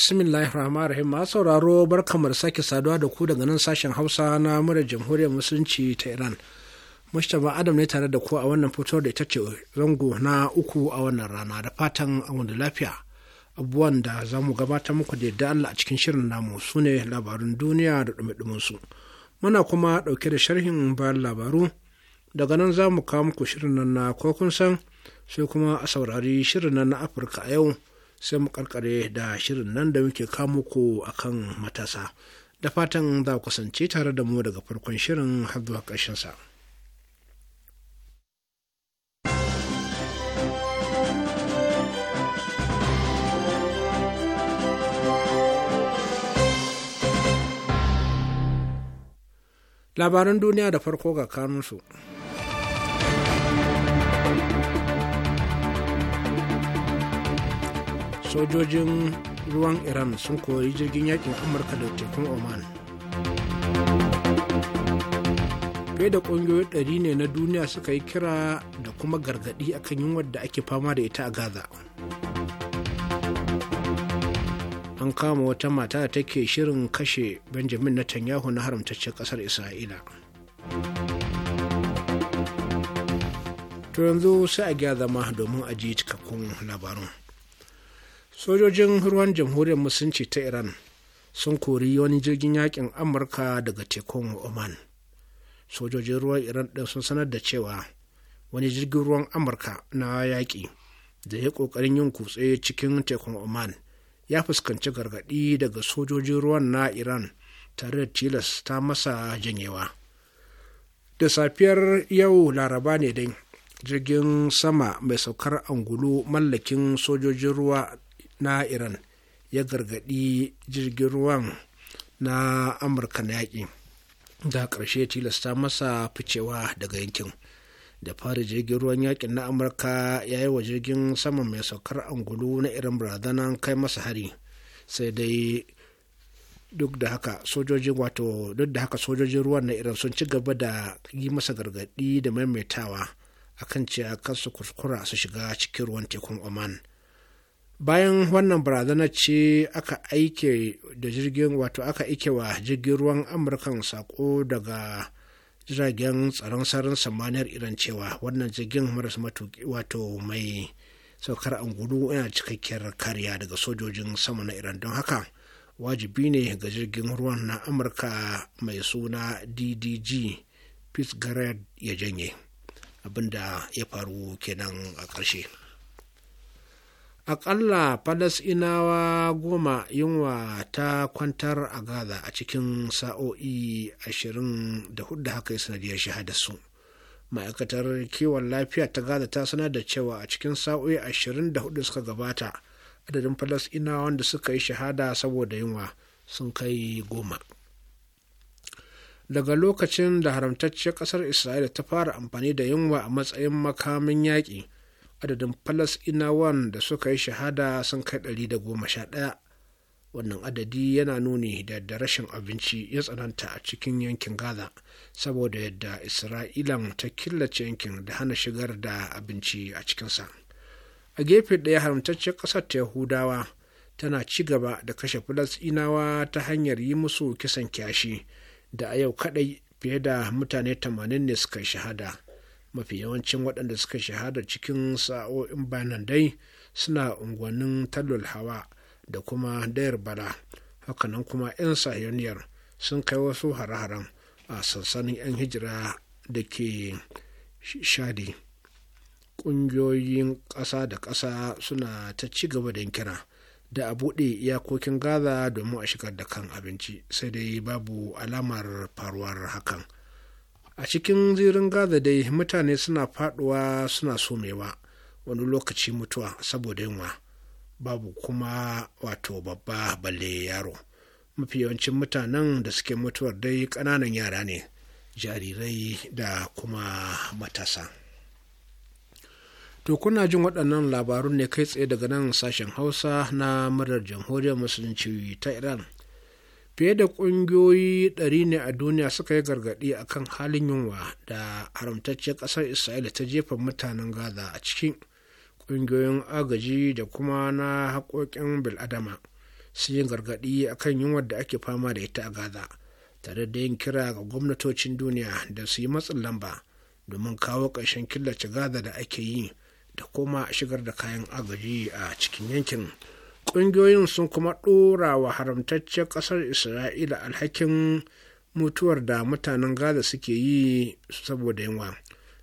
bismillahir rahmanir rahim ma sauraro barkamu da sake saduwa da ku daga nan sashen hausa na murar jamhuriyar musulunci ta iran mustapha adam ne tare da ku a wannan fitowar da ita ce zango na uku a wannan rana da fatan an da lafiya abubuwan da za mu gabatar muku da yadda allah a cikin shirin namu su ne labarun duniya da dumi su muna kuma dauke da sharhin bayan labaru daga nan za mu kawo muku shirin nan na kokun san sai kuma a saurari shirin nan na afirka a yau sai mu karkare da shirin nan da muke kamo ko akan matasa da fatan za ku kasance tare da mu daga farkon shirin har zuwa ƙarshen sa. Labaran duniya da farko ga kanunsu. sojojin ruwan iran sun kori jirgin yakin amurka da tekun oman fiye da ƙungiyoyi ɗari ne na duniya suka yi kira da kuma gargaɗi akan yunwar da ake fama da ita a gaza an kama wata mata da take shirin kashe benjamin netanyahu na haramtaccen ƙasar isra'ila to yanzu sai a gyara zama domin a ji cikakkun labarun. sojojin ruwan jamhuriyar musulunci ta iran sun kori wani jirgin yakin amurka daga tekun oman sojojin ruwan iran ɗin sun sanar da cewa wani jirgin ruwan amurka na yaƙi da ya ƙoƙarin yin kutse cikin tekun oman ya fuskanci gargaɗi daga sojojin ruwan na iran tare da tilas ta masa janyewa da safiyar yau laraba ne dai jirgin sama mai saukar angulu mallakin sojojin ruwa na iran ya gargaɗi jirgin ruwan na amurka na yaƙi da ƙarshe tilasta masa ficewa daga yankin da fara jirgin ruwan yakin na amurka ya yi wa jirgin sama mai saukar angulu na irin barazanan kai masa hari sai dai duk da haka sojojin wato duk da haka sojojin ruwan na iran sun ci gaba da yi masa gargaɗi da maimaitawa akan cewa kansu kuskura su shiga cikin ruwan tekun oman bayan wannan barazana ce aka aike da jirgin wato aka aike wa jirgin ruwan amurkan sako daga jiragen tsaron sararin samaniyar iran cewa wannan jirgin maras matuki wato mai saukar angulu yana cikakkiyar kariya daga sojojin sama na iran don haka wajibi ne ga jirgin ruwan na amurka mai suna ddg pittsburgh ya janye abinda ya faru kenan a ƙarshe. aƙalla falasinawa goma yunwa ta kwantar a gaza a cikin sa'o'i 24, da hudu haka sanadiyar su. ma'aikatar kiwon lafiya ta gaza ta sanar da cewa a cikin sa'o'i 24 suka gabata adadin falasinawa wanda suka yi shahada saboda yunwa sun kai goma daga lokacin da haramtacciyar kasar isra'ila ta fara amfani da yunwa a matsayin makamin yaƙi adadin falasɗinawan da suka yi shahada sun kai ɗari da goma sha ɗaya wannan adadi yana nuni da yadda rashin abinci ya tsananta a cikin yankin gaza saboda yadda isra'ilan ta killace yankin da hana shigar da abinci a cikinsa a gefe ɗaya haramtaccen ƙasar ta yahudawa tana ci gaba da kashe falasɗinawa ta hanyar yi musu kisan kyashi da a yau kaɗai fiye da mutane 80 ne suka shahada mafi yawancin waɗanda suka shahada cikin sa'o'in bayanan dai suna unguwannin talul hawa da kuma dayar bala hakanan kuma 'yan sahiyoniyar sun kai wasu hare-haren a sansanin 'yan hijira da ke shadi ƙungiyoyin ƙasa da ƙasa suna ta ci gaba da kira da a buɗe iyakokin gaza domin a shigar da kan abinci sai dai babu alamar faruwar hakan. a cikin zirin gaza dai mutane suna faduwa suna somewa wani lokaci mutuwa saboda yunwa babu kuma wato babba balle yaro mafi yawancin mutanen da suke mutuwar dai ƙananan yara ne jarirai da kuma matasa to kuna jin waɗannan labarun ne kai tsaye daga nan sashen hausa na murar jamhuriyar musulunci ta iran fiye da ƙungiyoyi ɗari ne a duniya suka yi gargaɗi a kan halin yunwa da haramtacciyar ƙasar isra'ila ta jefa mutanen gaza a cikin ƙungiyoyin agaji da kuma na haƙoƙin bil'adama sun yi gargaɗi a kan yunwar da ake fama da ita a gaza tare da yin kira ga gwamnatocin duniya da su yi matsin lamba domin kawo ƙarshen killace gaza da ake yi da kuma shigar da kayan agaji a cikin yankin. ƙungiyoyin sun kuma ɗora wa haramtacciyar ƙasar isra'ila alhakin mutuwar da mutanen gaza suke yi saboda yunwa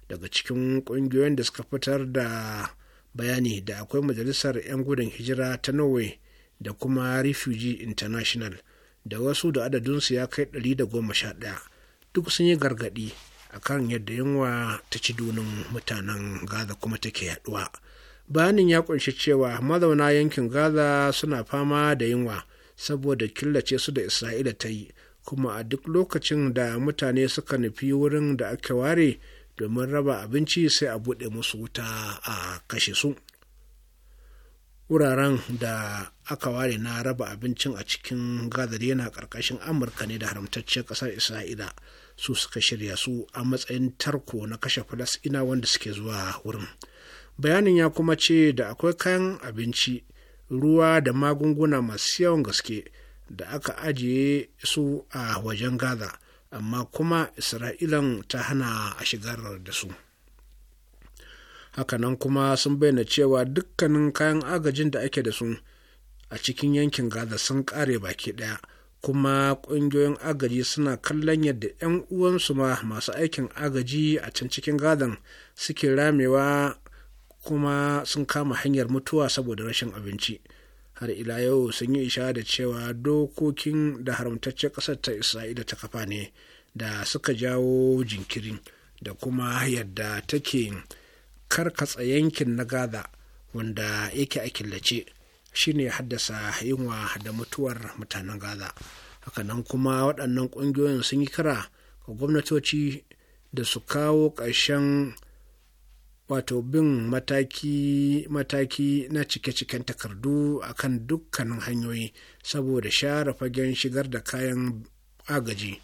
daga cikin ƙungiyoyin da suka fitar da bayani da akwai majalisar 'yan gudun hijira ta norway da kuma refugee international da wasu da adadinsu ya kai 111 duk sun yi gargaɗi akan yadda yunwa ta ci dunin mutanen gaza kuma take yaduwa. bayanin ya kunshi cewa mazauna yankin gaza suna fama da yunwa saboda killace su da isra'ila ta yi kuma a duk lokacin da mutane suka nufi wurin da ake ware domin raba abinci sai a buɗe musu wuta a kashe su wuraren da aka ware na raba abincin a cikin gadar yana ƙarƙashin amurka ne da haramtacciyar ƙasar isra'ila su suka shirya su a matsayin tarko na kashe ina wanda suke zuwa wurin bayanin ya kuma ce da akwai kayan abinci ruwa da magunguna masu yawan gaske da aka ajiye su a wajen gaza amma kuma isra'ilan ta hana a shigar da su hakanan kuma sun bayyana cewa dukkanin kayan agajin da ake da su a cikin yankin gaza sun kare baki ɗaya kuma ƙungiyoyin agaji suna kallon yadda 'yan uwansu ma masu aikin agaji a can cikin gadon suke ramewa kuma sun kama hanyar mutuwa saboda rashin abinci har ila yau sun yi isha da cewa dokokin da haramtaccen ƙasar ta isra'ila ta kafa ne da suka jawo jinkirin da kuma yadda take karkatsa yankin na gaza wanda yake a killace shine haddasa yunwa da mutuwar mutanen gaza hakanan kuma waɗannan ƙungiyoyin sun yi kira ga gwamnatoci da su kawo ƙarshen wato bin mataki-mataki na cike-ciken takardu a kan dukkanin hanyoyi saboda share fagen shigar da kayan agaji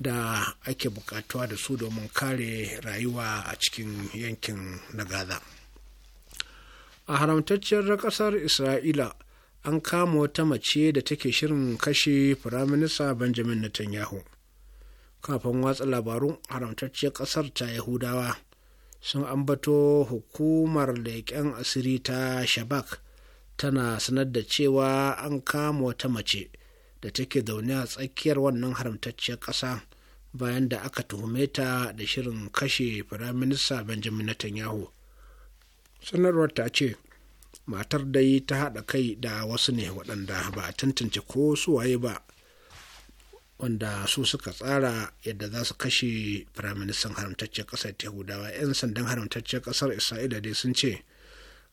da ake bukatuwa da su domin kare rayuwa a cikin yankin na gaza a haramtacciyar kasar isra'ila an kama wata mace da take shirin kashe firaminista benjamin netanyahu kafin watsa labarun haramtacciyar kasar ta yahudawa sun ambato hukumar leƙen asiri ta shabak tana sanar da cewa an kama wata mace da take zaune a tsakiyar wannan haramtacciyar ƙasa bayan da aka tuhume ta da shirin kashe firaminista benjamin netanyahu sanarwar ta ce matar dai ta haɗa kai da wasu ne waɗanda ba a tantance ko suwaye ba wanda su suka tsara yadda za su kashe firaministan haramtaccen ƙasar yahudawa 'yan sandan haramtacciyar ƙasar isra'ila dai sun ce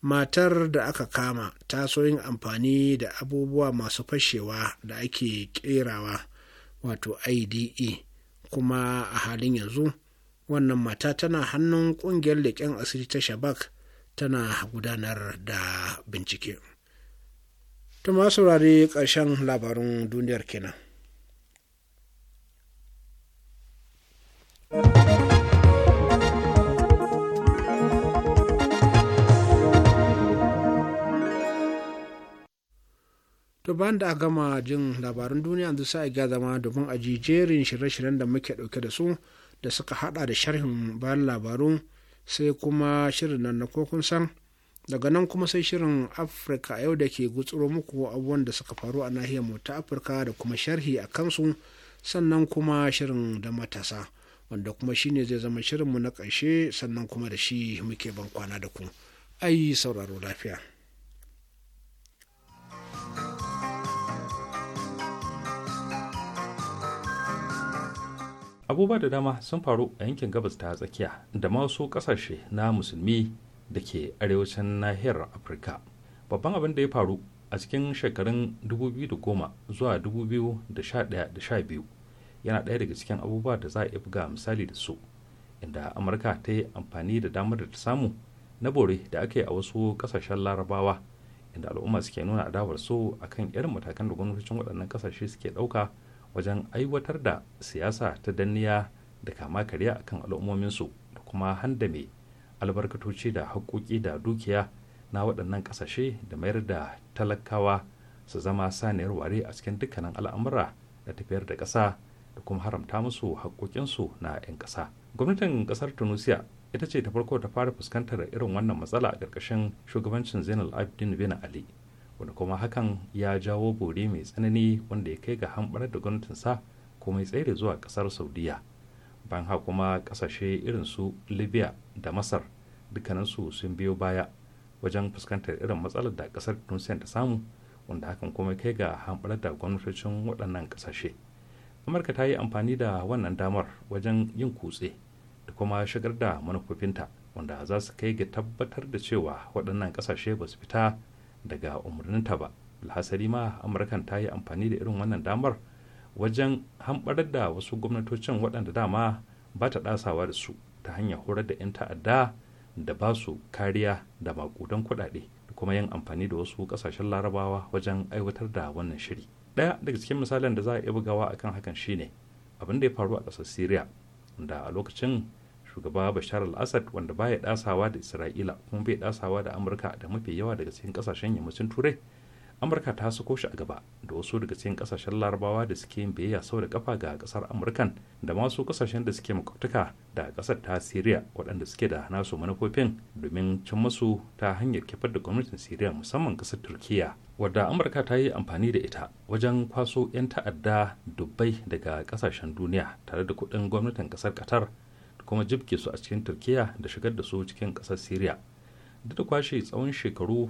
matar da aka kama ta so yin amfani da abubuwa masu fashewa da ake kerawa wato ide kuma a halin yanzu wannan mata tana hannun ƙungiyar leƙen asiri ta shabak tana gudanar da bincike. Tuma saurari ƙarshen labarin duniyar kenan. To bayan da gama jin labarun duniya yanzu sai a zama domin a ji jerin shirye-shiryen da muke ɗauke da su da suka haɗa da sharhin bayan labaru sai kuma shirin nan na kokun san daga nan kuma sai shirin afirka yau da ke gutsuro muku abubuwan da suka faru a nahiyar mu ta afirka da kuma sharhi a kansu sannan kuma shirin da matasa wanda kuma shine zai zama shirinmu na ƙarshe sannan kuma da shi muke ban kwana da ku ai sauraro lafiya abubuwa da dama sun faru a yankin gabas ta tsakiya da masu kasashe na musulmi da ke arewacin nahiyar afirka babban abin da ya faru a cikin shekarun 2010 zuwa 2011 da biyu yana ɗaya daga cikin abubuwa da za a iya buga misali da su inda amurka ta yi amfani da damar da ta samu na bore da aka yi a wasu ƙasashen larabawa inda al'umma suke nuna adawar su akan irin matakan da gwamnatocin waɗannan ƙasashe suke ɗauka wajen aiwatar da siyasa ta danniya da kama karya akan al'ummominsu da kuma handame albarkatoci da haƙoƙi da dukiya na waɗannan ƙasashe da mayar da talakawa su zama saniyar ware a cikin dukkanin al'amura da tafiyar da ƙasa da kuma haramta musu haƙoƙinsu na 'yan ƙasa gwamnatin ƙasar tunisia ita ce ta farko ta fara fuskantar irin wannan matsala a ƙarƙashin shugabancin zainal abidin bin ali wanda kuma hakan ya jawo bore mai tsanani wanda ya kai ga hambar da gwamnatinsa kuma ya tsere zuwa ƙasar saudiya ban ha kuma ƙasashe irin su libya da masar dukkaninsu sun biyo baya wajen fuskantar irin matsalar da ƙasar tunisia ta samu wanda hakan kuma kai ga hambar da gwamnatocin waɗannan ƙasashe. amurka ta yi amfani da wannan damar wajen yin kutse da kuma shigar da manufofinta wanda za su kai ga tabbatar da cewa waɗannan ƙasashe ba su fita daga umarninta ba alhasari ma amurkan ta yi amfani da irin wannan damar wajen hamɓarar da wasu gwamnatocin waɗanda dama ba ta ɗasawa da su ta hanyar horar da 'yan ta'adda da ba su kariya da makudan kuɗaɗe da kuma yin amfani da wasu ƙasashen larabawa wajen aiwatar da wannan shiri. daya daga cikin misalin da za a iya bugawa kan hakan shine abin da ya faru a ƙasar syria da a lokacin shugaba bashar al-assad wanda baya dasawa da isra'ila kuma bai dasawa da amurka da mafi yawa daga cikin ƙasashen yammacin turai amurka ta sako shi a gaba da wasu daga cikin kasashen larabawa da suke yin biyayya sau da kafa ga kasar amurkan da masu kasashen da suke makwabtaka da kasar ta siriya waɗanda suke da nasu manufofin domin cin masu ta hanyar kifar da gwamnatin siriya musamman kasar turkiya wadda amurka ta yi amfani da ita wajen kwaso 'yan ta'adda dubbai daga kasashen duniya tare da kuɗin gwamnatin kasar qatar da kuma jibge su a cikin turkiya da shigar da su cikin kasar siriya duk da kwashe tsawon shekaru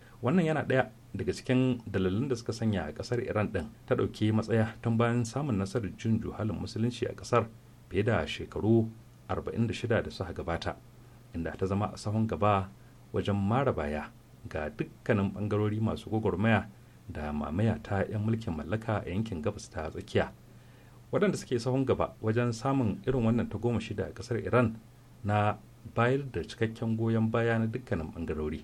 wannan yana ɗaya daga cikin dalilin da suka sanya a ƙasar iran ɗin ta ɗauki matsaya tun bayan samun nasarar jin juhalin musulunci a ƙasar fiye da shekaru 46 da suka gabata inda ta zama a sahun gaba wajen mara baya ga dukkanin bangarori masu gwagwarmaya da mamaya ta 'yan mulkin mallaka a yankin gabas ta tsakiya waɗanda suke sahun gaba wajen samun irin wannan ta goma shida a ƙasar iran na bayar da cikakken goyon baya na dukkanin bangarori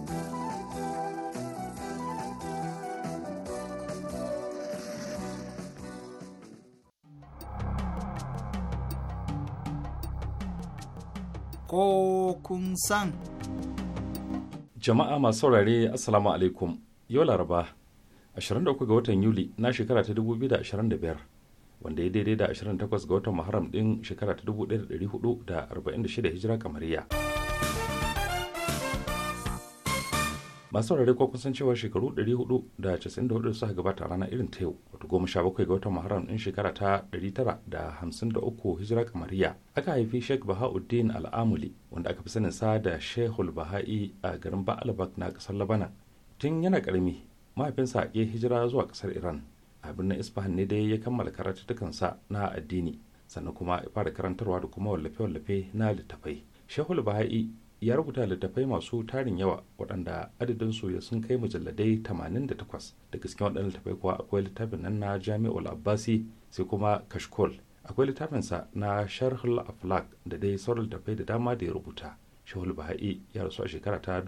ko kun san. Jama'a masu saurare Assalamu alaikum yau Laraba 23 ga watan Yuli na shekara ta 2025 wanda ya daidai da 28 ga watan Muharram din shekara ta 1446 Hijira kamariya. masu saurare ko kun cewa shekaru 494 suka gabata rana irin ta yau wato goma sha bakwai ga watan muharram din shekara ta 953 hijira kamariya aka haifi sheikh bahauddin al'amuli wanda aka fi sanin sa da shehul baha'i a garin ba'albak na kasar labana tun yana karami mahaifinsa ya hijira zuwa kasar iran a birnin isfahan ne dai ya kammala sa na addini sannan kuma ya fara karantarwa da kuma wallafe-wallafe na littafai shehul baha'i ya rubuta littattafai masu tarin yawa waɗanda adadin su sun kai mujalladai 88 daga cikin waɗannan littattafai kuwa akwai littafin nan na jami'ul abbasi sai kuma kashkol akwai littafinsa na sharhul aflak da dai sauran littattafai da dama da ya rubuta shahul baha'i ya rasu a shekara ta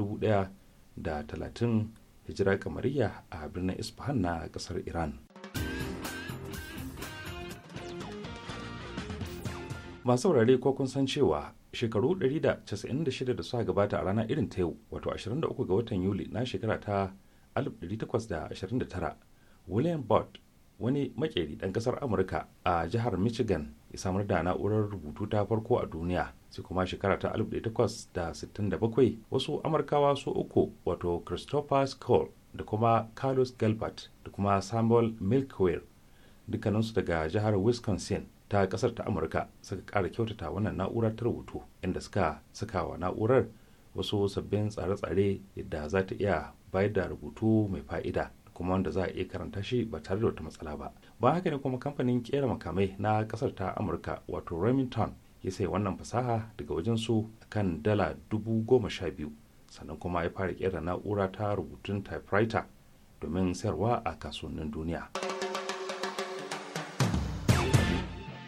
da 1030 hijira kamariya a birnin isfahan na ƙasar iran masu wurare ko kun san cewa shekaru 196 da suka gabata a rana irin ta yau wato 23 ga watan yuli na shekara ta 1829 william bott wani makeri ɗan ƙasar amurka a jihar michigan ya samar da na'urar rubutu ta farko a duniya sai kuma shekara ta 1867 wasu amurkawa su uku wato christopher skoll da kuma carlos gilbert da kuma samuel milkwell dukkaninsu daga jihar wisconsin ta kasar ta amurka suka kara kyautata wannan na'ura ta rubutu inda suka saka wa na'urar wasu sabbin tsare-tsare yadda za ta iya bayar da rubutu mai fa'ida kuma wanda za a iya karanta shi ba tare da wata matsala ba ba haka ne kuma kamfanin kera makamai na kasar ta amurka wato remington ya sai wannan fasaha daga wajensu kan dala dubu goma sha biyu sannan kuma ya fara kera na'ura ta rubutun typewriter domin sayarwa a kasuwannin duniya.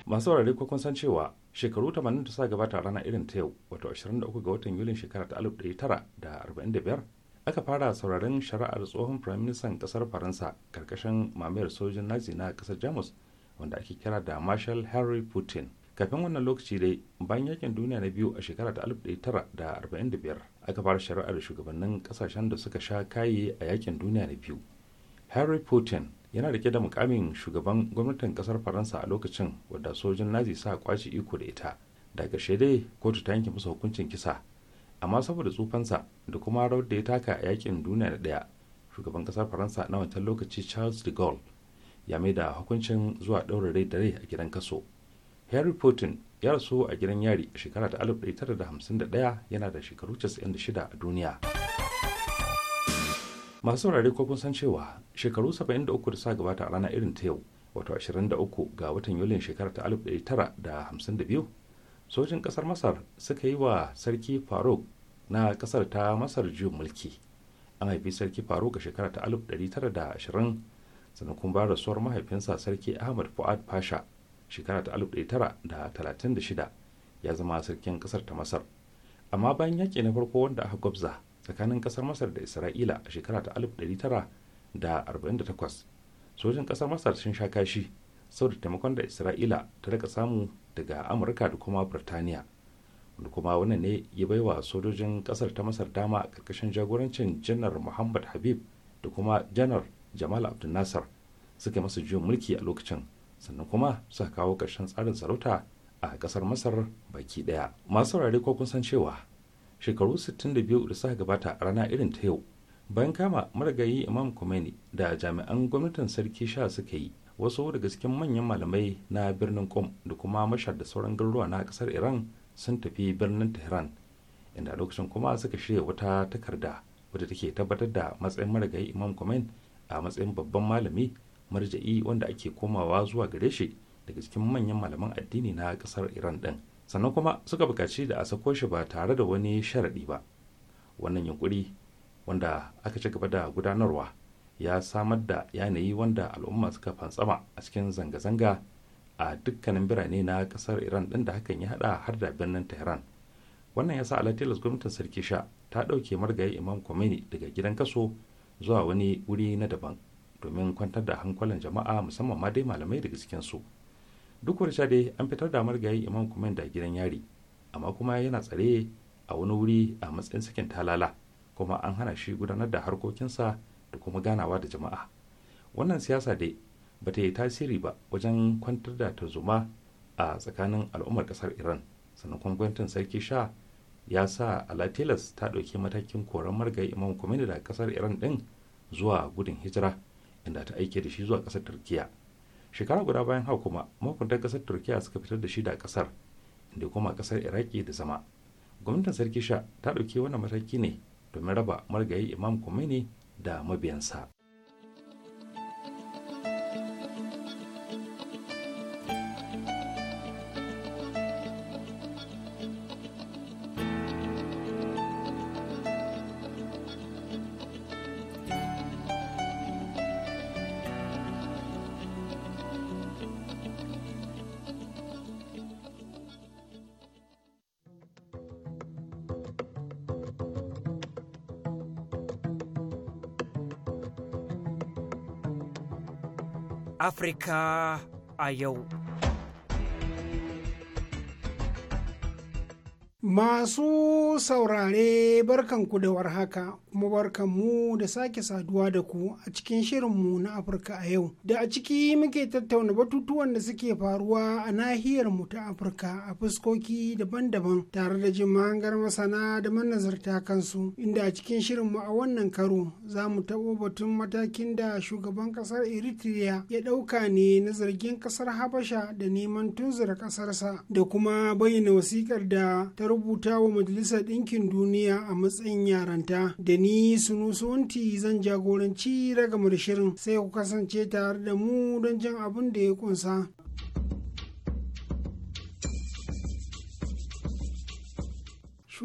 masu saurare ko kun san cewa shekaru 80 da gabata rana irin ta yau wato 23 ga watan yulin shekara ta 1945 aka fara sauraron shari'ar tsohon firaministan kasar faransa karkashin mamayar sojin nazi na kasar jamus wanda ake kira da marshal harry putin kafin wannan lokaci dai bayan yakin duniya na biyu a shekara ta 1945 aka fara shari'ar shugabannin kasashen da suka sha kaye a yakin duniya na biyu harry putin yana rike da mukamin shugaban gwamnatin kasar faransa a lokacin wadda sojin nazi sa kwace iko da ita daga dai kotu ta yanke masa hukuncin kisa amma saboda tsufansa da kuma rawar da ya taka a yakin duniya na daya shugaban kasar faransa na wancan lokaci charles de gaulle ya mai da hukuncin zuwa ɗaurin rai da rai a gidan kaso harry putin ya rasu a gidan yari shekara ta 1951 yana da shekaru 96 a duniya masu saurare ko kun san cewa shekaru 73 da suka gabata a ranar irin ta yau wato 23 ga watan yulin shekarar ta 1952 sojin kasar masar suka yi wa sarki faruk na kasar ta masar juyin mulki an haifi sarki faruk a shekarar ta 1920 sannan kuma bayan rasuwar mahaifinsa sarki ahmad fuad pasha shekara ta 1936 ya zama sarkin kasar ta masar amma bayan yaƙi na farko wanda aka gwabza tsakanin kasar masar da isra'ila a shekara ta 1948 sojin kasar masar sun sha kashi sau da taimakon da isra'ila ta raka samu daga amurka da kuma birtaniya wanda kuma wannan ne ya baiwa sojojin kasar ta masar dama a karkashin jagorancin janar muhammad habib da kuma janar jamal abdul nasar suka masa juyin mulki a lokacin sannan kuma suka kawo ƙarshen tsarin sarauta a kasar masar baki daya masu saurare ko kun san cewa shekaru 62 da suka gabata a rana irin ta yau bayan kama marigayi imam Khomeini da jami'an gwamnatin sarki sha suka yi wasu daga cikin manyan malamai na birnin kom da kuma mashar da sauran garuruwa na kasar iran sun tafi birnin tehran inda lokacin kuma suka shirya wata takarda wadda take tabbatar da matsayin marigayi imam Khomeini a matsayin babban malami marja'i wanda ake komawa zuwa gare shi daga cikin manyan malaman addini na kasar iran din sannan kuma suka bukaci da a sako shi ba tare da wani sharaɗi ba wannan yunkuri wanda aka ci gaba da gudanarwa ya samar da yanayi wanda al'umma suka fantsama a cikin zanga-zanga a dukkanin birane na kasar iran ɗin da hakan ya haɗa har da birnin tehran wannan ya sa alatilas gwamnatin sarki sha ta ɗauke margayi imam kwamini daga gidan kaso zuwa wani wuri na daban domin kwantar da hankulan jama'a musamman ma dai malamai daga cikinsu su duk wani dai an fitar da marigayi imam kuma da gidan yari amma kuma yana tsare a wani wuri a matsayin sakin talala kuma an hana shi gudanar da harkokinsa da kuma ganawa da jama'a wannan siyasa dai ba ta yi tasiri ba wajen kwantar da tarzoma a tsakanin al'ummar kasar iran sannan kuma gwamnatin sarki sha ya sa alatilas ta ɗauki matakin koran margayi imam kuma da kasar iran ɗin zuwa gudun hijira inda ta aike da shi zuwa kasar turkiya shekara guda bayan haka kuma mahukuntan kasar turkiya suka fitar da shi da kasar da kuma kasar iraki da zama gwamnatin sarki sha ta ɗauki wannan mataki ne domin raba marigayi imam khomeini da mabiyansa Afrika a yau. Masu saurare barkanku da haka. kuma mu da sake saduwa da ku a cikin shirin mu na Afirka a yau. Da a ciki muke tattauna batutuwan da suke faruwa a nahiyar mu ta Afirka a fuskoki daban-daban tare da jin mahangar masana da manazarta kansu inda a cikin shirin mu a wannan karo za mu taɓo batun matakin da shugaban ƙasar Eritrea ya ɗauka ne na zargin ƙasar Habasha da neman tunzura ƙasarsa da kuma bayyana wasiƙar da ta rubuta wa Majalisar Ɗinkin Duniya a matsayin yaranta da ni sunusunti zan jagoranci ragamar shirin sai ku kasance tare da mu don jan abin da ya kunsa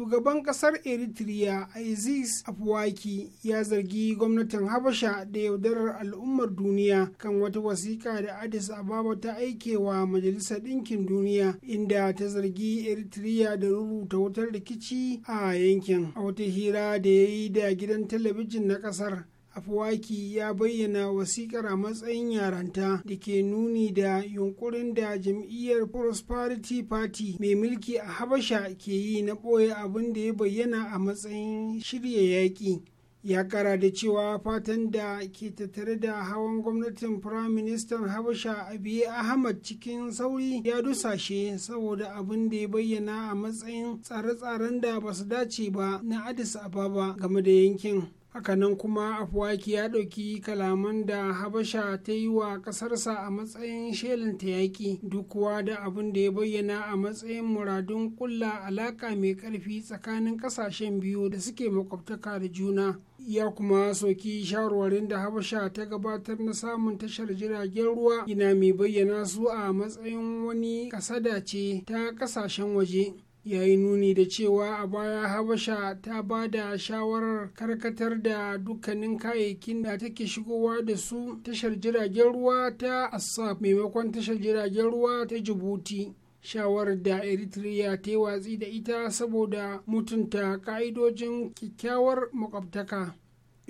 shugaban kasar eritrea aziz afwaki ya zargi gwamnatin habasha da yaudarar al'ummar duniya kan wata wasiƙa da addis ababa ta aike wa majalisar ɗinkin duniya inda ta zargi eritrea da rubuta wutar rikici a yankin a wata hira da ya yi da gidan talabijin na kasar afwaki ya bayyana wasikar a matsayin yaranta da ke nuni da yunkurin da jam'iyyar prosperity party mai mulki a habasha ke yi na ɓoye abin da ya bayyana a matsayin shirya yaƙi ya kara da cewa fatan da ke tattare da hawan gwamnatin firaministan habasha biye ahmad cikin sauri ya dusashe saboda abin da ya bayyana a matsayin tsare-tsaren da ba su dace ba na addis ababa game da yankin hakanan kuma afwaki ya ɗauki kalaman da habasha ta yi wa ƙasarsa a matsayin shelin ta yaƙi duk da abin da ya bayyana a matsayin muradun ƙulla alaƙa mai ƙarfi tsakanin ƙasashen biyu da suke makwabtaka da juna ya kuma soki shawarwarin da habasha ta gabatar na samun tashar jiragen ruwa ina mai bayyana su a matsayin wani kasada ce ta ƙasashen waje ya yi nuni da cewa a baya habasha ta ba da shawarar karkatar da dukkanin kayayyakin da take shigowa da su tashar jiragen ruwa ta assaf maimakon tashar jiragen ruwa ta jibuti shawarar da eritrea ta yi watsi da ita saboda mutunta ka'idojin kyakkyawar makwabtaka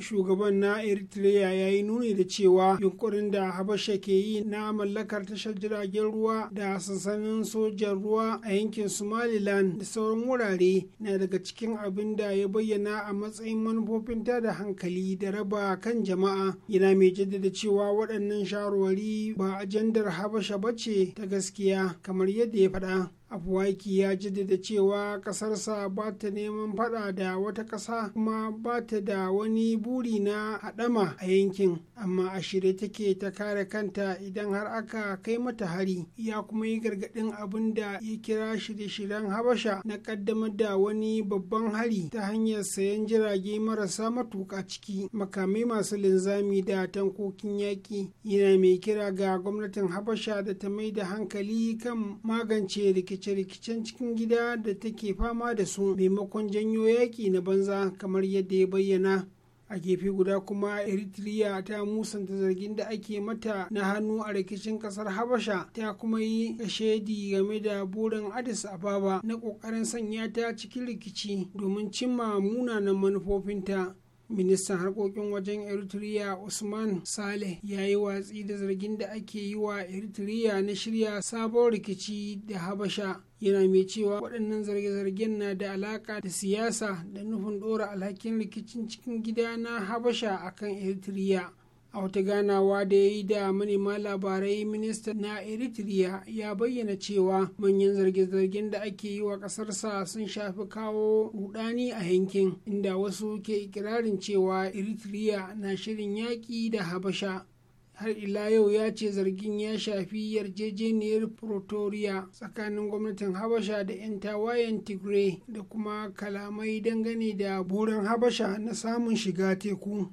shugaban na eritrea ya yi nuni da cewa yunkurin da habasha ke yi na mallakar tashar jiragen ruwa da sansanin sojan ruwa a yankin somaliland da sauran wurare na daga cikin abin da ya bayyana a matsayin manufofin da hankali da raba kan jama'a yana mai jaddada cewa waɗannan shawarwari ba ajandar habasha ba ce ta gaskiya kamar yadda ya faɗa afuwaki ya jaddada cewa ƙasarsa ba ta neman fada da wata ƙasa kuma ba ta da wani buri na haɗama a yankin amma a shirye take ta kare kanta idan har aka kai mata hari ya kuma yi gargaɗin abin da ya kira shirye-shiryen habasha na ƙaddamar da wani babban hari ta hanyar sayan jirage marasa matuƙa ciki makamai masu linzami da tankokin yaƙi yana mai kira ga gwamnatin habasha da ta mai da hankali kan magance rikici rikice-rikicen cikin gida da take fama da su maimakon janyo yaƙi na banza kamar yadda ya bayyana a gefe guda kuma eritrea ta musanta zargin da ake mata na hannu a rikicin kasar habasha ta kuma yi shaidi game da burin addis ababa na ƙoƙarin sanya ta cikin rikici domin cimma munanan manufofinta ministan harkokin wajen eritrea usman saleh ya yi watsi da zargin da ake yi wa eritrea na shirya sabon rikici da habasha yana mai cewa waɗannan zarge-zargen na da alaƙa da siyasa da nufin ɗora alhakin rikicin cikin gida na habasha akan eritrea a wata ganawa da ya yi da manema labarai minista na eritrea ya bayyana cewa manyan zarge-zargen da ake yi wa ƙasarsa sun shafi kawo rudani a yankin inda wasu ke ikirarin cewa eritrea na shirin yaƙi da habasha har ila yau ya ce zargin ya shafi yarjejeniyar pretoria tsakanin gwamnatin habasha da 'yan tawayen tigray da kuma kalamai dangane da burin habasha na samun shiga teku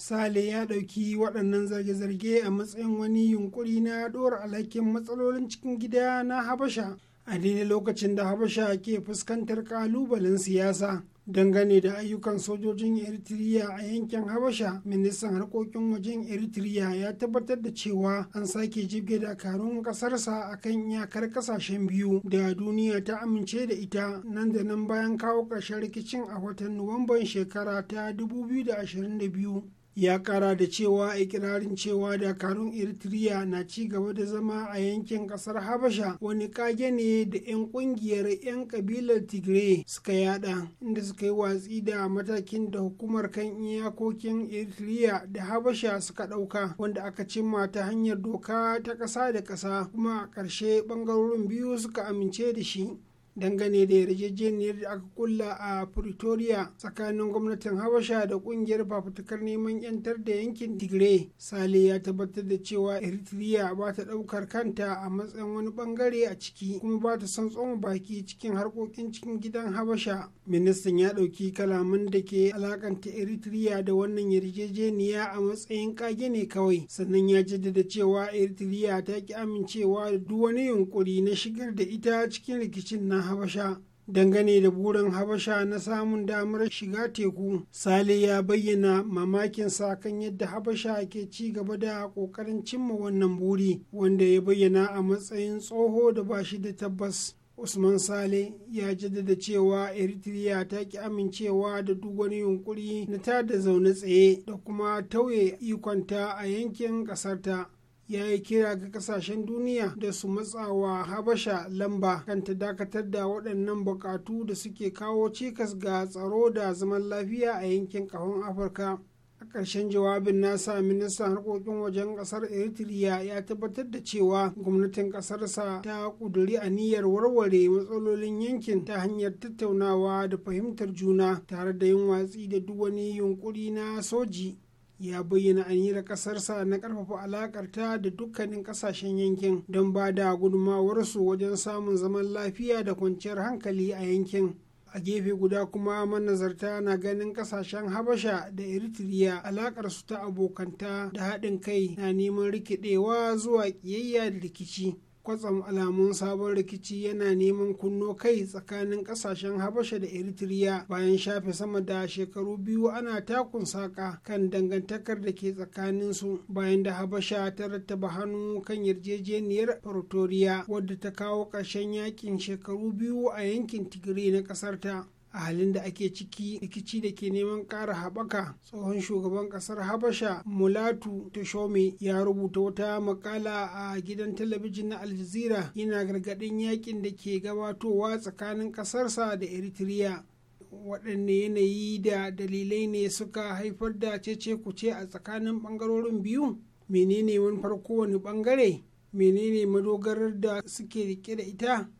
sale ya ɗauki waɗannan zarge-zarge a matsayin wani yunkuri na ɗora alhakin matsalolin cikin gida na habasha a daidai lokacin da habasha ke fuskantar kalubalen siyasa dangane da ayyukan sojojin eritrea a yankin habasha ministan harkokin wajen eritrea ya tabbatar da cewa an sake jibge dakarun ƙasarsa a kan iyakar ƙasashen biyu da duniya ta amince da ita nan da nan bayan kawo ƙarshen rikicin a watan nuwamban shekara ta 2022 ya kara da cewa ikirarin cewa dakarun eritrea na ci gaba da zama a yankin kasar habasha wani kage ne da 'yan kungiyar 'yan kabilar tigray suka yada inda suka yi watsi da matakin da hukumar kan iyakokin eritrea da habasha suka dauka wanda aka cimma ta hanyar doka ta kasa da kasa kuma a ƙarshe bangarorin biyu suka amince da shi dangane da yarjejeniyar da aka kulla a pretoria tsakanin gwamnatin habasha da kungiyar fafutukar neman yantar da yankin tigray sale ya tabbatar da cewa eritrea ba ta daukar kanta a matsayin wani bangare a ciki kuma ba ta son tsoma baki cikin harkokin cikin gidan habasha ministan ya dauki kalaman da ke alakanta eritrea da wannan yarjejeniya a matsayin kage ne kawai sannan ya jaddada cewa eritrea ta ki amincewa da duk wani yunkuri na shigar da ita cikin rikicin na habasha dangane da burin habasha na samun damar shiga teku sale ya bayyana mamakinsa kan yadda habasha ke ci gaba da ƙoƙarin cimma wannan buri wanda ya bayyana a matsayin tsoho da ba shi da tabbas usman sale ya jaddada cewa eritrea ta ki amincewa da duk wani yunkuri na ta da zaune tsaye da kuma tauye ikonta a yankin ƙasarta ya yi kira ga kasashen duniya da su matsawa habasha lamba kan ta dakatar da waɗannan buƙatu da suke kawo cikas ga tsaro da zaman lafiya a yankin ƙahon afirka a ƙarshen jawabin nasa ministan harkokin wajen ƙasar eritrea ya tabbatar da cewa gwamnatin ƙasarsa ta ƙuduri aniyar warware matsalolin yankin ta hanyar tattaunawa da fahimtar juna tare da yin watsi da duk wani yunkuri na soji ya bayyana aniyar ƙasarsa na ƙarfafa alaƙarta da dukkanin ƙasashen yankin don ba da gudunmawarsu wajen samun zaman lafiya da kwanciyar hankali a yankin a gefe guda kuma manazarta na ganin kasashen habasha da eritrea alakarsu ta abokanta da haɗin kai na neman rikidewa zuwa ƙiyayya da rikici kwatsam alamun sabon rikici yana neman kunno kai tsakanin kasashen habasha da eritrea bayan shafe sama da shekaru biyu ana takun saka kan dangantakar da ke tsakanin su bayan da habasha ta rattaba hannu kan yarjejeniyar pretoria wadda ta kawo ƙarshen yakin shekaru biyu a yankin Tigray na ƙasarta. a halin da ake ciki rikici da ke neman ƙara haɓaka tsohon shugaban ƙasar habasha mulatu tashome ya rubuta wata makala a gidan talabijin na aljazira yana gargaɗin yakin da ke gabatowa tsakanin ƙasarsa da eritrea waɗanne yanayi da dalilai ne suka haifar da cece kuce a tsakanin ɓangarorin biyu menene wani farko wani ɓangare menene madogarar da suke rike da ita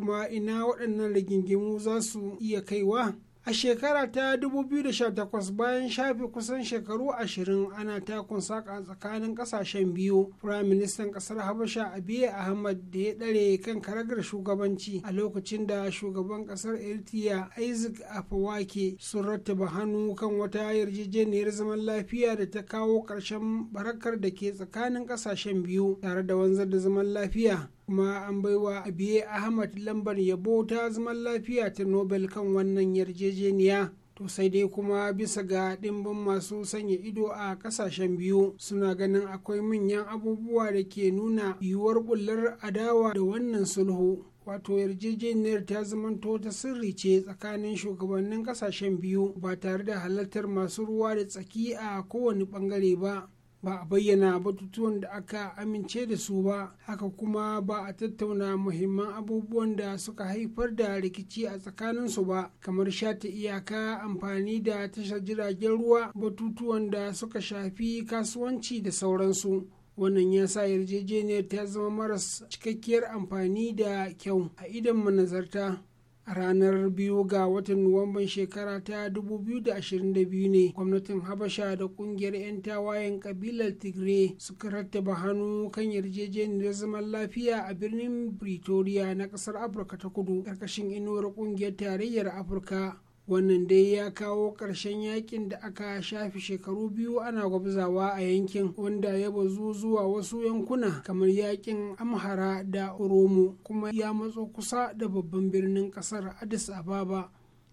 kuma ina waɗannan rigingimu za su iya kaiwa a shekara ta 2018 bayan shafe kusan shekaru 20 ana takun saƙa tsakanin ƙasashen biyu firaministan ƙasar habasha abiy ahmad da ya ɗare kan karagar shugabanci a lokacin da shugaban ƙasar eritrea isaac afawake sun rattaba hannu kan wata yarjejeniyar zaman lafiya da ta kawo ƙarshen barakar da ke tsakanin ƙasashen biyu tare da wanzar da zaman lafiya kuma an baiwa abiye ahmad lambar yabo ta zaman lafiya ta nobel kan wannan yarjejeniya to sai dai kuma bisa ga ɗimbin masu sanya ido a kasashen biyu suna ganin akwai manyan abubuwa da ke nuna yiwuwar bullar adawa da wannan sulhu wato yarjejeniyar ta zamanto ta sirri ce tsakanin shugabannin kasashen biyu ba tare da halartar masu ruwa da tsaki a kowane bangare ba ba a bayyana batutuwan da aka amince da su ba haka kuma ba a tattauna muhimman abubuwan da suka haifar da rikici a tsakaninsu ba kamar shata iyaka amfani da tashar jiragen ruwa batutuwan da suka shafi kasuwanci da sauransu wannan ya sa yarjejeniyar ta zama maras cikakkiyar amfani da kyau a idan manazarta a ranar biyu ga watan nuwamban shekara ta 2022 ne gwamnatin habasha da kungiyar 'yan tawayen kabilar tigre suka rattaba hannu kan yarjejeniyar zaman lafiya a birnin pretoria na kasar afirka ta kudu karkashin inuwar kungiyar tarayyar afirka wannan dai ya kawo ƙarshen yakin da aka shafi shekaru biyu ana gwabzawa a yankin wanda ya bazu zuwa wasu yankuna kamar yakin amhara da oromo kuma ya matso kusa da babban birnin ƙasar addis ababa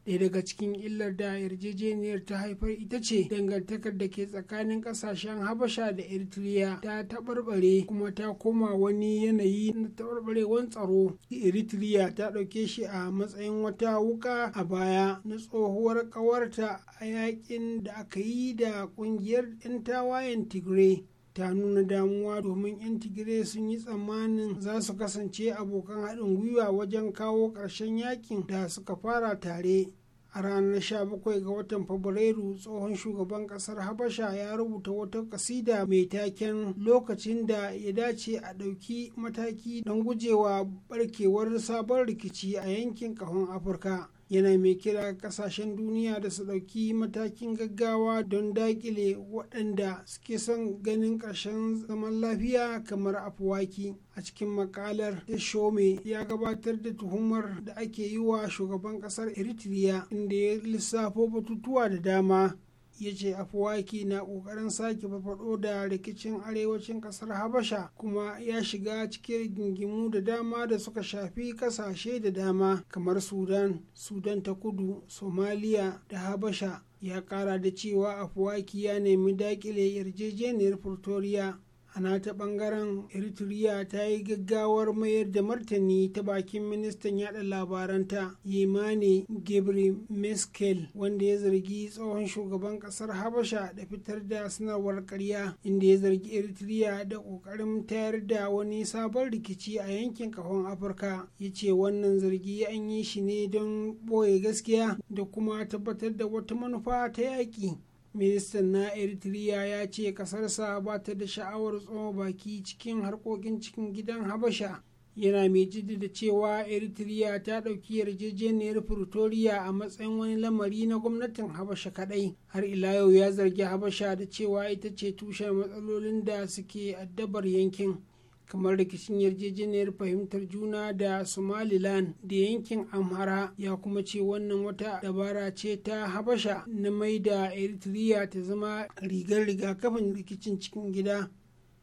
ɗaya daga cikin illar da yarjejeniyar ta haifar ita ce dangantakar da ke tsakanin ƙasashen habasha da eritrea ta taɓarɓare kuma ta koma wani yanayi na taɓarɓarewan tsaro eritrea ta ɗauke shi a matsayin wata wuka a baya na tsohuwar ƙawarta a yakin da aka yi da ƙungiyar 'yan tawayen tigray ta nuna damuwa domin yan tigire sun yi tsammanin za su kasance abokan haɗin gwiwa wajen kawo ƙarshen yakin da suka fara tare a ranar 17 ga watan fabrairu tsohon shugaban kasar habasha ya rubuta wata kasida mai taken lokacin da ya dace a ɗauki mataki don gujewa barkewar sabon rikici a yankin kahon afirka yana mai kira kasashen duniya da su ɗauki matakin gaggawa don daƙile waɗanda suke son ganin ƙarshen zaman lafiya kamar afuwaki a cikin makalar shome ya gabatar da tuhumar da ake yi wa shugaban ƙasar eritrea inda ya lissafo batutuwa da dama ya ce afuwaki na kokarin sake farfado da rikicin arewacin kasar habasha kuma ya shiga cikin rigingimu da dama da suka shafi kasashe da dama kamar sudan sudan ta kudu somaliya da habasha ya kara da cewa afuwaki ya nemi dakile yarjejeniyar pretoria a ta bangaren eritrea ta yi gaggawar mayar da martani ta bakin ministan yada labaranta yemane gebre meskel wanda ya zargi tsohon shugaban kasar habasha da fitar da sanarwar karya inda ya zargi eritrea da kokarin tayar da wani sabon rikici a yankin kafin afirka ya ce wannan zargi an yi shi ne don ɓoye gaskiya da kuma tabbatar da wata manufa ta yaƙi ministan na eritrea ya ce kasarsa ba ta da sha'awar tsoma baki cikin harkokin cikin gidan habasha yana mai da cewa eritrea ta ɗauki yarjejeniyar pretoria a matsayin wani lamari na gwamnatin habasha kadai. har ila yau ya zargi habasha da cewa ita ce tushen matsalolin da suke addabar yankin kamar rikicin yarjejeniyar fahimtar juna da somaliland da yankin amhara ya kuma ce wannan wata dabara ce ta habasha na mai da eritrea ta zama rigar rigakafin rikicin cikin gida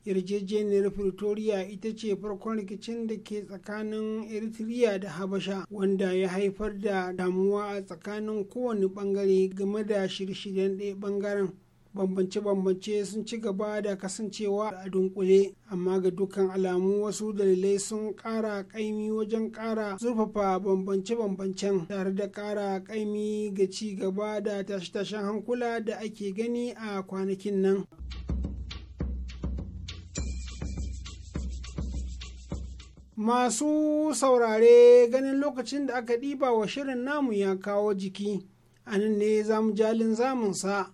yarjejeniyar pretoria ita ce farkon rikicin da ke tsakanin eritrea da habasha wanda ya haifar da damuwa a tsakanin kowane bangare game da shirye-shiryen ɗaya bangaren bambance-bambance sun ci gaba da kasancewa a dunkule amma ga dukkan alamu wasu dalilai sun ƙara ƙaimi wajen ƙara zurfafa bambance-bambancen tare da ƙara ƙaimi ga ci gaba da tashe-tashen hankula da ake gani a kwanakin nan. Masu saurare ganin lokacin da aka ɗiba wa shirin namu ya kawo jiki, a nan ne zamu jalin zamunsa.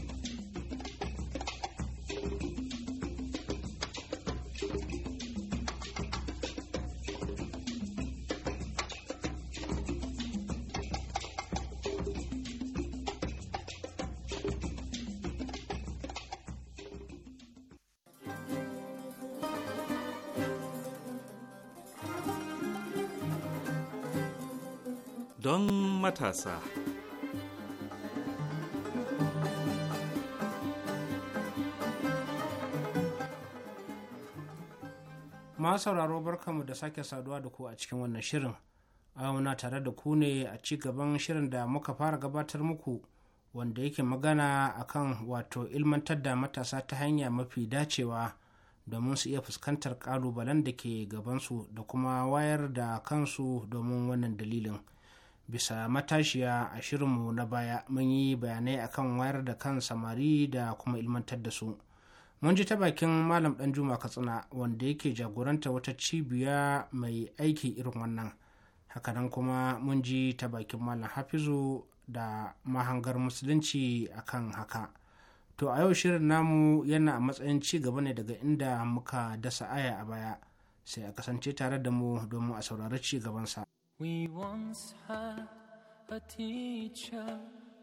matasa. sauraro barkanmu da sake saduwa da ku a cikin wannan shirin. muna tare da ku ne a ci gaban shirin da muka fara gabatar muku wanda yake magana akan wato ilmantar da matasa ta hanya mafi dacewa domin su iya fuskantar kalubalen da ke gabansu da kuma wayar da kansu domin wannan dalilin. bisa matashiya a shirinmu na baya mun yi bayanai akan wayar da kan samari da kuma ilmantar da su mun ji ta bakin malam dan juma katsina wanda yake jagoranta wata cibiya mai aiki irin wannan hakanan kuma mun ji ta bakin malam hafizu da mahangar musulunci akan haka to a yau shirin namu yana a matsayin ci gaba ne daga inda muka dasa aya a baya sai a kasance tare da mu domin a saurari ci gabansa. We once had a teacher,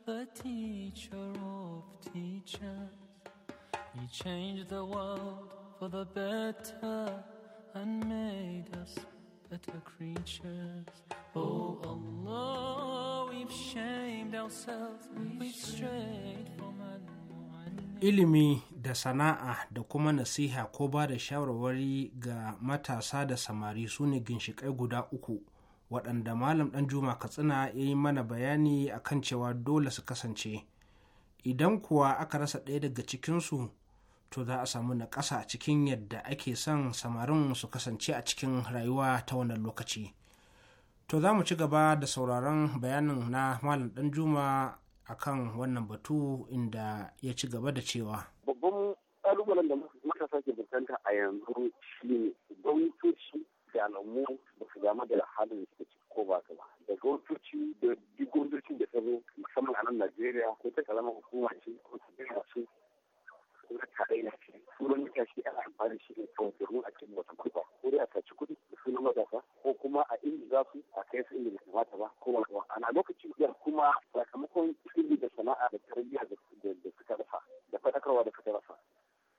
the teacher of teachers. He changed the world for the better and made us better creatures. Oh Allah, we've shamed ourselves, we've strayed from Ilimi da sana'a da kuma nasiha ko ba da shawarwari ga matasa da samari su ne ginshiƙai guda uku waɗanda malam ɗan juma katsina ya yi mana bayani a kan cewa dole su kasance idan kuwa aka rasa ɗaya daga cikinsu to za a samu na ƙasa a cikin yadda ake son samarin su kasance a cikin rayuwa ta wannan lokaci to za mu ci gaba da sauraron bayanin na malam ɗan juma a kan wannan batu inda ya ci gaba da cewa babban ƙalubalen da muka ke fuskanta a yanzu shine gwamnatoci da alamu ba su game da halin ko ba ka ba da gwamnatoci da duk gwamnatocin da ta zo musamman a nan najeriya ko ta kalama hukuma ce ko ta biya masu ko ta na ce sunan nika shi ana amfani shi ne kawai da ruwa a cikin wata kurba ko dai a saci kudi da sunan mazafa ko kuma a inda za su a kai su inda bai kamata ba ko ba ba ana lokacin da kuma sakamakon ilimi da sana'a da tarbiyya da suka rasa da faɗakarwa da suka rasa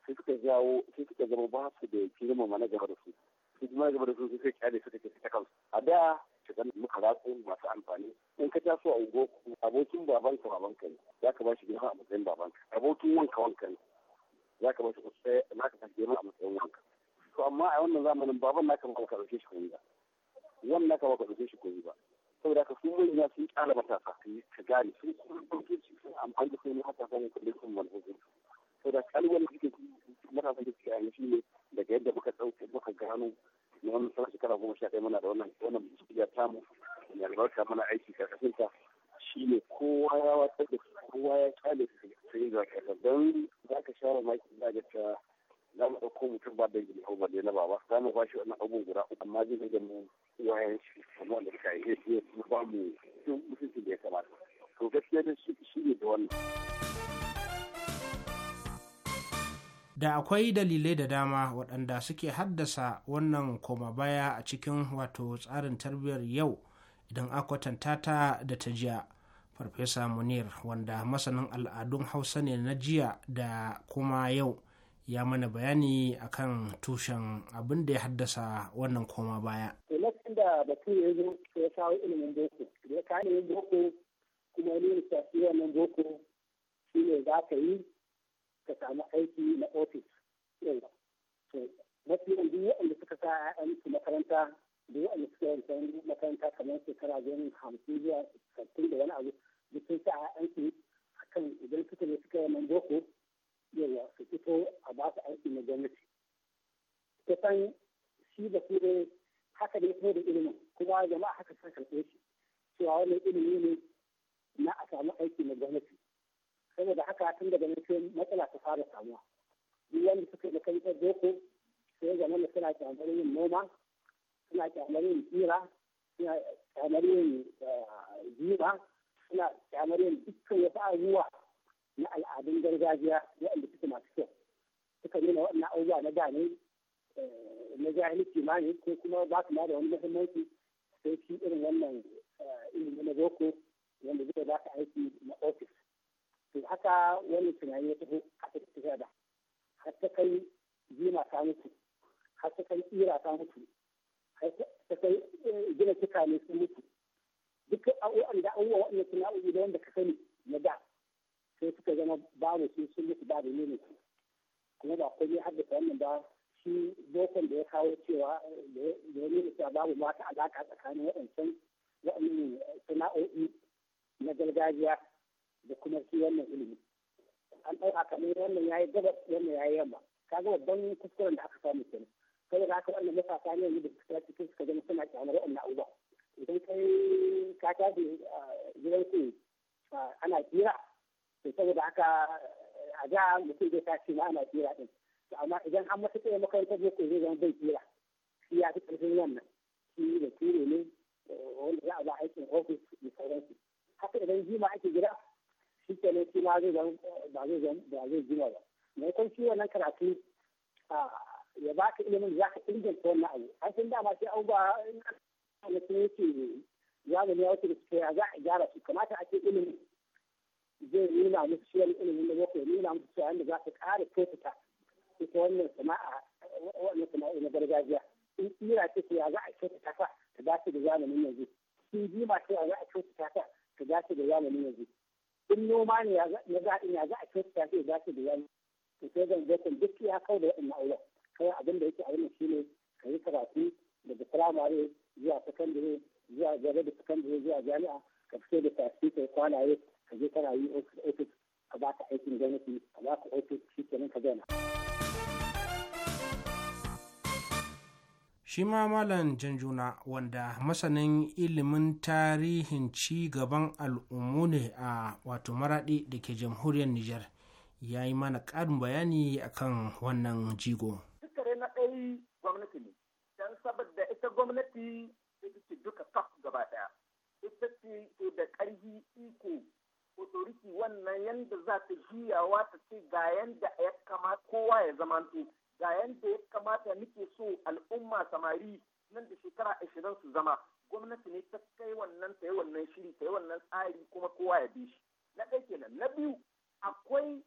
sai suka jawo sai suka zama ba su da girmama na gaba da su su kuma na gaba da su sai kyale suka ke ta kansu a da ka ga muka ratsu masu amfani in ka taso a unguwarku abokin baban akwai dalilai da dama waɗanda suke haddasa wannan koma baya a cikin wato tsarin tarbiyyar yau idan akwatanta ta da ta jiya farfesa munir wanda masanin al'adun hausa ne na jiya da kuma yau ya mana bayani akan tushen abin da ya haddasa wannan koma baya. da batu ya zo ya kawo ilimin boko, ya kawo ilimin boko suna kyamar yin noma suna kyamar yin tsira suna kyamar yin eh, jiba suna kyamar yin dukkan wasu abubuwa na al'adun gargajiya waɗanda suke masu kyau suka nuna waɗannan abubuwa na da ne eh, na jahilci ma ne ko kuma ba su ma da wani muhimmanci sai shi irin wannan eh, ilimi na boko wanda zai ba ka aiki na ofis to haka wani tunani ya taho a tafiya da har ta kai jima ta mutu har ta kai tsira ta mutu har ta kai eh, gina cika ne sun mutu duk abubuwan da abubuwa suna sana'o'i da wanda ka sani na da sai suka zama babu su sun mutu babu ne mutu kuma ba komai haddasa wannan ba shi bokon da ya kawo cewa da ya nuna cewa babu mata alaƙa tsakanin waɗancan waɗannan sana'o'i na gargajiya da kuma shi wannan ilimi an ɗauka kamar wannan ya yi gabas wannan ya yi yamma kaga babban kuskuren da aka samu kenan kai ga ka wannan matasa ne yanzu da suka cikin suka gani suna kyamar waɗannan abubuwa idan kai ka tashi ah, gidan ku ah, ana jira to saboda haka eh, a da mutum zai tashi ma ana jira din amma idan an masa kai zai ko zai zama bai jira shi ya fi ƙarfin wannan shi da ture ne eh, wanda za a ba aikin ofis da sauransu haka idan jima ake gida shi ke nan shi ma zai zama eh, ba zai jima ba mai kwan shi wannan karatu ah, ya ba ka ilimin za ka inganta wannan abu an san dama sai abubuwa na sun yake zamani ya wuce da suka za a gyara su kamata a ce ilimin zai nuna musu shi wani ilimin da boko nuna musu shi wanda za su ƙara kyautata ita wannan sana'a wannan sana'a na gargajiya in tsira ce ya za a kyautata ta ta dace da zamanin yanzu in ma ce ya za a kyautata ta ta dace da zamanin yanzu in noma ne ya za a kyautata ta ya dace da zamanin yanzu to sai zan duk ya kau da waɗannan auren kai abin da yake a yi ne ka yi karatu daga firamare zuwa sakandare zuwa gaba da sakandare zuwa jami'a ka fito da tafi kai kwanaye ka je kana yi ofis ka ba ka aikin gwamnati ka ba ka ofis shi kenan ka zauna. shi ma malam janjuna wanda masanin ilimin tarihin ci gaban al'ummu ne a wato maraɗi da ke jamhuriyar nijar ya yi mana ƙarin bayani akan wannan jigo. gwamnati ita ce duka kaf gaba ɗaya ita ce da ƙarfi iko otoriki wannan yanda za ta juyawa ta ce ga yanda ya kamata kowa ya to ga yanda ya kamata nake so al'umma samari nan da shekara ashirin su zama gwamnati ne ta kai wannan ta yi wannan shiri ta yi wannan tsari kuma kowa ya bi shi na ɗaya kenan na biyu akwai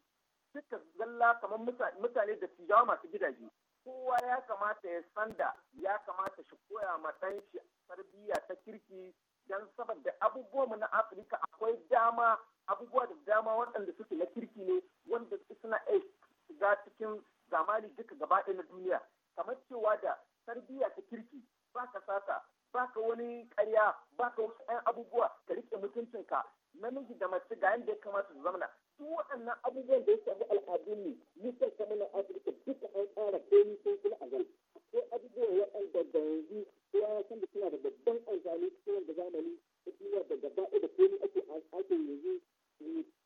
duka zalla kamar mutane da tijawa masu gidaje kowa ya kamata ya sanda ya kamata shi koya ma shi tarbiyya ta kirki don saboda mu na afirka akwai dama abubuwa da dama waɗanda suke na kirki ne wanda suna iya shiga cikin zamani duka gaba ɗaya na duniya kamar cewa da tarbiyya ta kirki baka ka sata wani karya baka ka wasu ɗan abubuwa ka riƙe mutuncinka namiji da mace ga yadda ya kamata su zamana su waɗannan abubuwan da ya shafi al'adun ne nisan kamar na afirka duka an tsara komi sun kula a zai ko abubuwan waɗanda da yanzu kowa san da suna da babban amfani cikin da zamani ta duniya da gaba da komi ake ake yanzu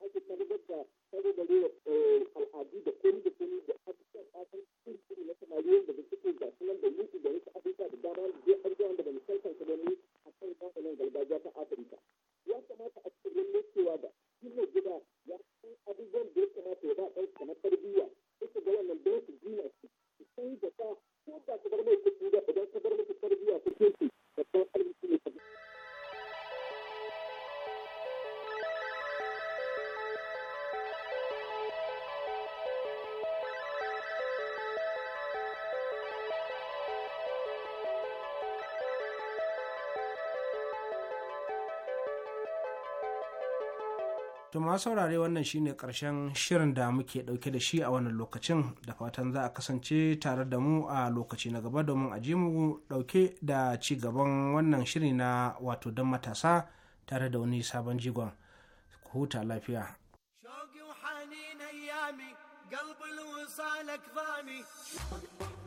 ake tabbatar da tabbatar da al'adu da komi da komi da abubuwan ƙasar cikin na samari da suke ga da To ma saurare wannan shine karshen shirin da muke dauke da shi a wannan lokacin da fatan za a kasance tare da mu a lokaci na gaba domin a mu dauke da ci gaban wannan shiri na wato don matasa tare da wani sabon jigon huta lafiya.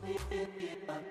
قلب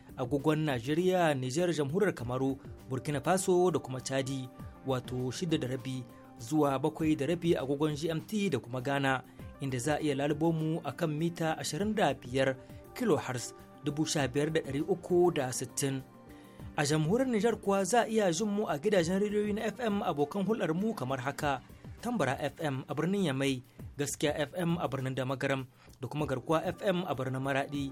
agogon Najeriya, Nijar, Jamhuriyar Kamaru, Burkina Faso da kuma Chadi, wato 6 da rabi zuwa 7 da rabi agogon GMT da kuma Ghana, inda za a iya lalubo mu a kan mita 25 kHz 15,360. A jamhuriyar Nijar kuwa za a iya jin mu a gidajen rediyoyi na FM abokan hulɗar mu kamar haka. Tambara FM a birnin Yamai, Gaskiya FM a birnin Damagaram da kuma Garkuwa FM a birnin Maradi.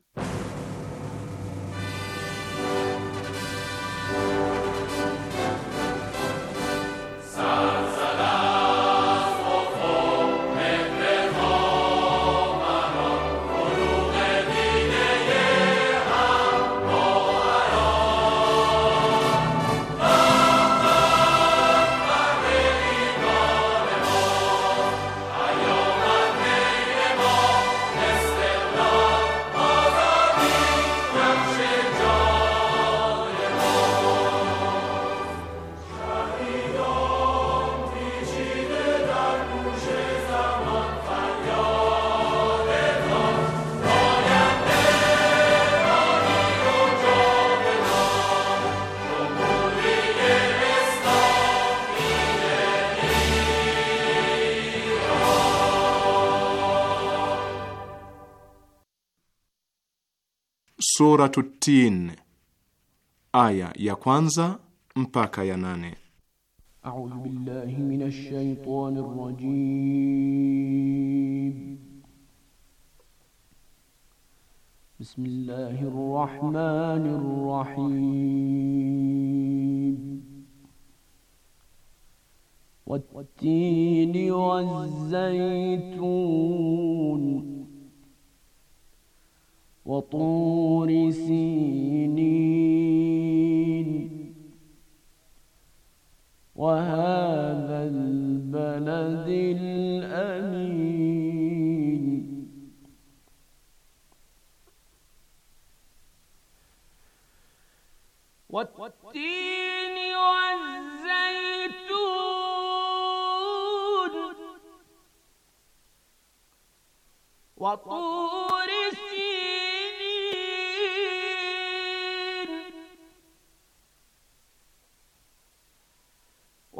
Suratu Tin, aya ya kwanza mpaka ya nane. A'udhu billahi minash shaitanir rajim. Bismillahir rahmanir rahim. Wat-tini waz-zaytun وطور سينين وهذا البلد الأمين والتين والزيتون وطور سينين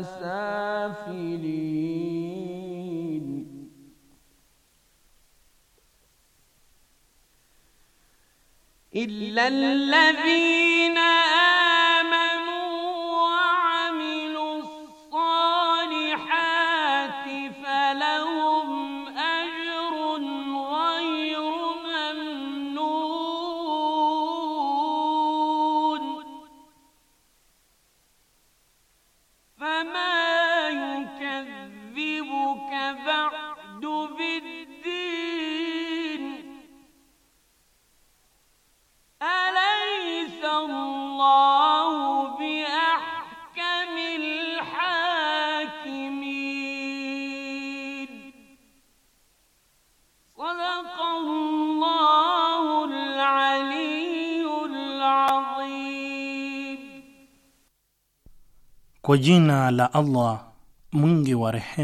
سافلين إلا الذين آمنوا Kwa jina la Allah mwingi wa rehema